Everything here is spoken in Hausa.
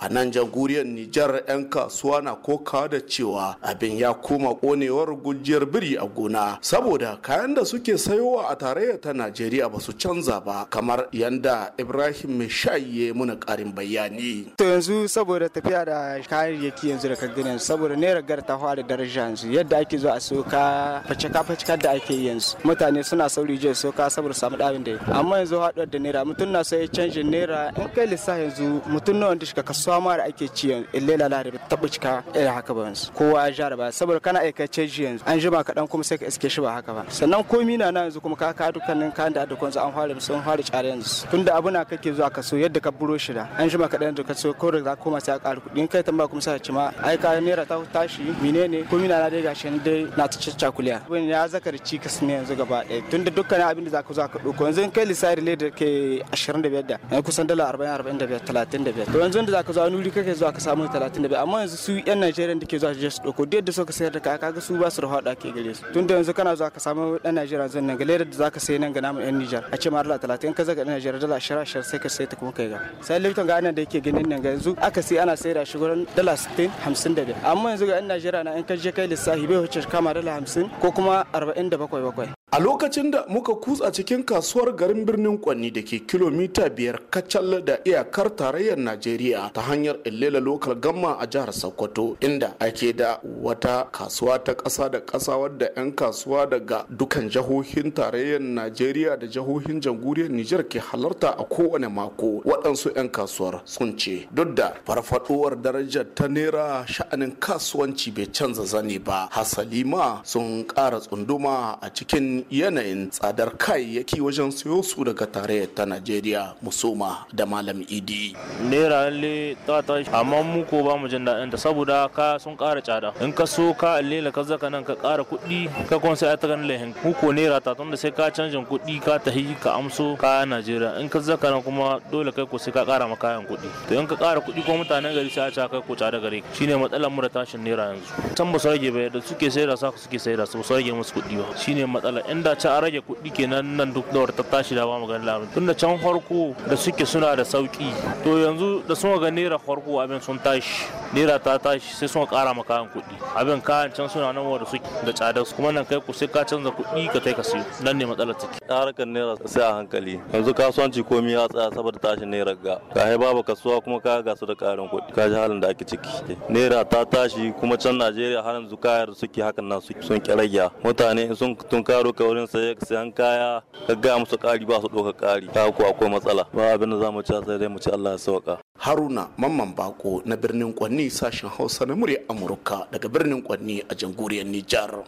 a nan jamhuriyar nijar 'yan kasuwa na koka da cewa abin ya koma konewar gujiyar biri a gona saboda kayan da suke sayowa a tarayya ta najeriya ba su canza ba kamar yanda ibrahim mai shaye muna karin bayani to yanzu saboda tafiya da kayayyaki yanzu da kagina saboda naira gar ta fara daraja yanzu yadda ake zuwa a soka facaka facaka da ake yanzu mutane suna sauri je soka saboda samu dabin da amma yanzu haɗuwar da naira mutum na sai canjin naira in kai lissa yanzu mutum nawa wanda shi ka kaso kasuwa ma da ake ci yanzu in eh, lela la da taɓa cika irin haka ba yanzu kowa ya ba saboda kana aikace ji yanzu an jima kaɗan kuma sai ka iske shi ba haka ba sannan komi na na yanzu kuma ka ka dukkanin kayan da su an fara sun fara tsare yanzu tunda abu na kake zuwa kaso yadda ka buro shi da an jima kaɗan da kaso ko da za ka koma sai ka ƙara kuɗi in kai tamba kuma sai ka ci ma ai ka naira ta tashi menene komi na na dai gashi ne dai na ta kuliya abin ya zakar ci kasu ne yanzu gaba ɗaya tunda dukkanin abin da za ka zo ka ɗauko yanzu in kai lissari ne da ke 25 da eh, kusan dala 40 45 35 to yanzu da za ka zuwa wani wuri kake zuwa ka samu talatin da biyar amma yanzu su yan najeriya da ke zuwa jiya su ɗauko duk yadda suka sayar da kaya kaga su ba su da haɗa ke gare su tun da yanzu kana zuwa ka samu ɗan najeriya zan nan galayar da zaka sayi nan ga namu yan nijar a ce ma dala talatin ka zaga ɗan najeriya dala ashirin ashirin sai ka sayi ta kuma kai ga sai lifton ga anan da yake ganin nan ga yanzu aka sai ana sayar da shi gurin dala sittin hamsin da biyar amma yanzu ga yan najeriya na in ka je kai lissafi bai wuce kama dala hamsin ko kuma arba'in da bakwai bakwai a lokacin da muka kutsa cikin kasuwar garin birnin kwanni da ke kilomita biyar kacal da iyakar tarayyar najeriya ta hanyar illela lokal gamma a jihar sokoto inda ake da wata kasuwa ta ƙasa da ƙasa wadda 'yan kasuwa daga dukan jihohin tarayyar najeriya da jihohin jamhuriyar nijar ke halarta a kowane mako waɗansu 'yan kasuwar sun ce duk da farfaɗowar darajar ta nera, sha'anin kasuwanci bai canza zane ba hasali ma sun ƙara tsunduma a cikin yanayin tsadar kayayyaki wajen siyo su daga tarayyar ta Najeriya musoma da malam Idi. Naira le ta tashi amma mu ko ba mu jin daɗin ta saboda ka sun ƙara tsada. In ka so ka allela ka zaka nan ka ƙara kuɗi ka kon sai ta ganin lehin. Mu ko naira ta tunda sai ka canjin kuɗi ka tahi ka amso ka Najeriya. In ka zaka nan kuma dole kai ko sai ka ƙara ma kayan kuɗi. To in ka ƙara kuɗi ko mutanen gari sai a ca kai ko tsada gari. Shine matsalar mu da tashin naira yanzu. Can ba su rage ba da suke sai da sa suke sai da su ba su rage musu kuɗi ba. Shine matsalar inda ci a rage kuɗi kenan nan duk dawar ta tashi da ba mu gani labarin tunda can farko da suke suna da sauki to yanzu da sun ga naira farko abin sun tashi naira ta tashi sai sun kara ma kayan kuɗi abin kayan can suna nan wanda suke da tsada kuma nan kai ku sai ka canza kuɗi ka kai ka siyo nan ne matsalar take harkar naira sai a hankali yanzu kasuwanci komai ya tsaya saboda tashi naira ga ka babu kasuwa kuma ka ga su da karin kuɗi ka ji halin da ake ciki naira ta tashi kuma can Najeriya har yanzu kayar suke hakan nan sun kirage mutane sun tunkaro ka wurin sayan kaya ka ga musu ƙari ba su ɗauka ƙari ka ko akwai matsala ba abin da za mu ci sai dai mu ci Allah ya sauka. Haruna Mamman Bako na birnin Kwanni sashen Hausa na murya Amurka daga birnin Kwanni a jamhuriyar Nijar.